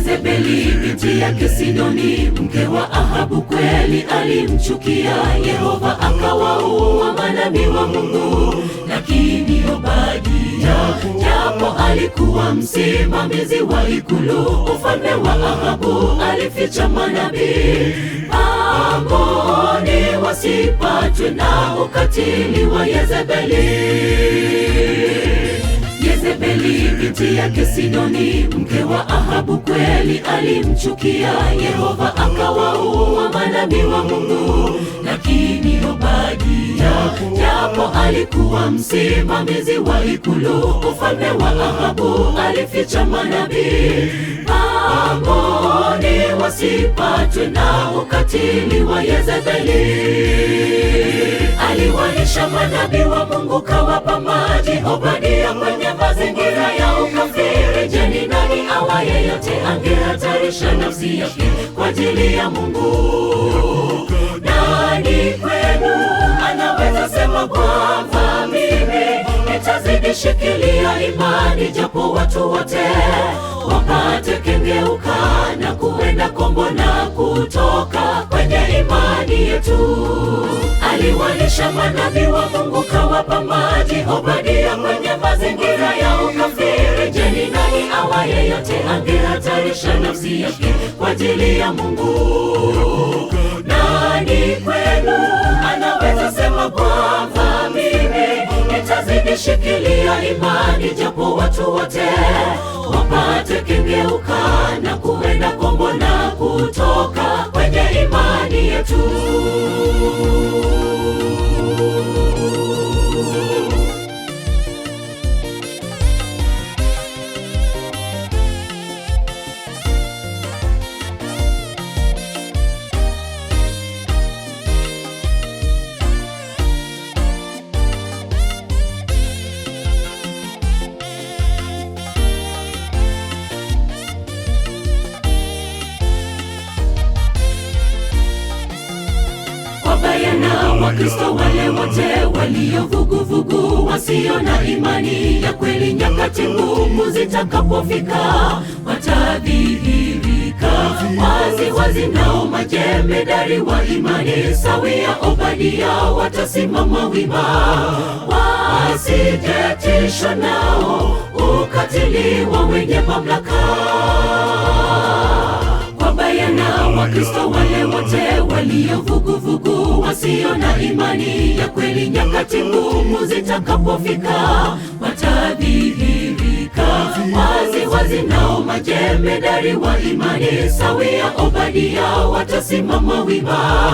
Yezebeli binti yake Sidoni mke wa Ahabu kweli alimchukia Yehova, akawaua manabii wa Mungu, lakini Obadia japo alikuwa msimamizi wa ikulu ufalme wa Ahabu alificha manabii amboni wasipatwe na ukatili wa Yezebeli. Yezebeli binti yake Sidoni mke wa Ahabu kweli alimchukia Yehova, akawaua manabii wa Mungu, lakini Obadia japo alikuwa msimamizi wa ikulu ufalme wa Ahabu alificha manabii Amoni wasipatwe na ukatili wa Yezebeli aliwalisha manabii wa Mungu, kawapa maji Obadia kwenye mazingira ya ukafiri. Je, ni nani awa yeyote angehatarisha nafsi yake kwa ajili ya Mungu? Nani kwenu anaweza sema kwamba mimi nitazidi shikilia imani japo watu wote wapate kengeuka na kuenda kombo na kutoka kwenye imani yetu. Aliwalisha manabii wa Mungu, kawapa maji. Obadia kwenye mazingira ya ukafiri. Je, ni nani awaye yote angehatarisha nafsi yake kwa ajili ya Mungu? Nishikilia imani japo watu wote wapate kengeuka na kuenda kombo na kutoka kwenye imani yetu. Wakristo wale wote walio vuguvugu, wasio na imani ya kweli, nyakati ngumu zitakapofika, watadhihirika wazi wazi, nao majemedari wa imani sawia Obadia watasimama wima, wasijetishwa nao ukatili wa wenye mamlaka. Wakristo wale wote walio vuguvugu, wasio na imani ya kweli, nyakati ngumu zitakapofika watadhihirika wazi wazi, nao majemedari wa imani sawia Obadia watasimama wima,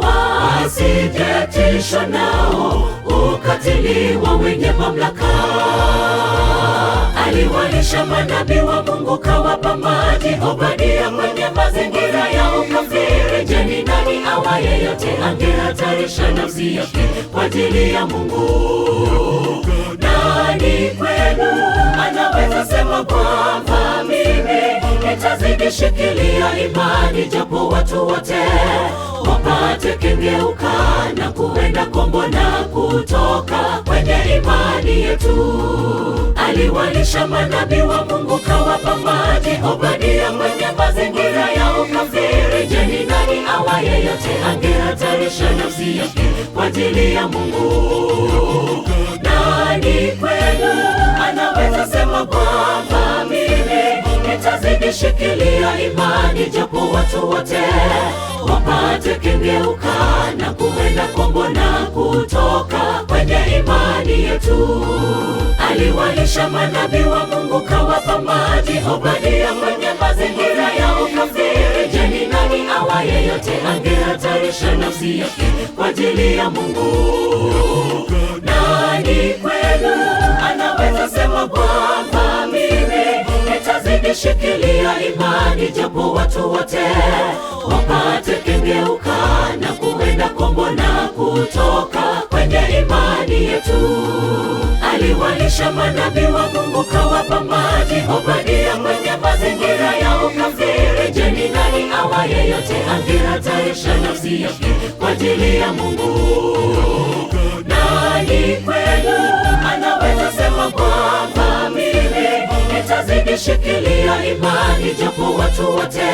wasijetishwa nao ukatili wa wenye mamlaka aliwalisha manabii wa Mungu, kawapa maji. Obadia kwenye mazingira ya ukafiri. Je, ni nani awa yeyote angehatarisha nafsi yake kwa ajili ya Mungu? Nani kwenu anaweza sema kwamba mimi nitazidi shikilia imani, japo watu wote wapate kengeuka na kuenda kombo na kutoka kwenye imani yetu. Aliwalisha manabii wa Mungu, kawapa maji. Obadia kwenye mazingira ya ukafiri. Je, ni nani awaye angehatarisha nafsi yake kwa ajili ya Mungu? Ishikilia imani japo watu wote wapate kengeuka na kuenda kombo na kutoka kwenye imani yetu. Aliwalisha manabii wa Mungu, kawapa maji Obadia kwenye mazingira ya ukafiri. Je, ni nani awa yeyote angehatarisha nafsi yake kwa ajili ya Mungu? Nani kwenu anaweza sema kwamba mimi Nishikilia imani japo watu wote wapate kengeuka na kuenda kombo na kutoka kwenye imani yetu. Aliwalisha manabii wa Mungu kawapa maji, Obadia mwenye mazingira ya ukafiri. Je, ni nani awaye yote angehatarisha nafsi yake kwa ajili ya Mungu? Nani kwenu anaweza sema kwamba mimi nitazidi shikilia imani, japo watu wote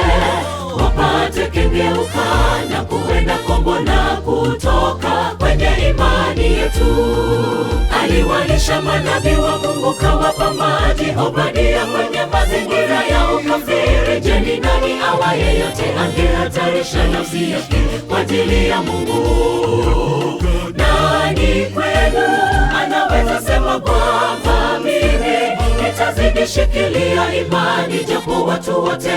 wapate kengeuka na kuenda kombo na kutoka kwenye imani yetu. Aliwalisha manabii wa Mungu, kawapa maji. Obadia kwenye mazingira ya ukafiri. Je, ni nani awa yeyote angehatarisha nafsi yake kwa ajili ya Mungu? Nani Ningeshikilia imani japo watu wote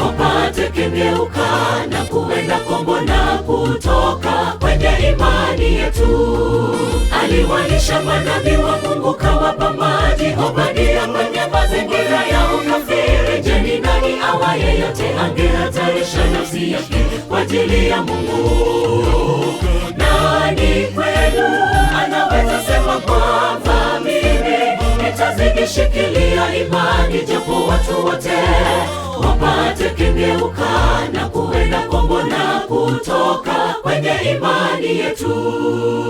wapate kengeuka na kuenda kombo na kutoka kwenye imani yetu. Aliwalisha manabii wa Mungu kawapa maji, Obadia kwenye mazingira ya ukafiri. Je, ni nani awa yeyote angehatarisha nafsi yake kwa ajili ya Mungu? Nani kwenu anaweza sema kwamba nimeshikilia imani, japo watu wote wapate kengeuka na kuenda kombo na kutoka kwenye imani yetu.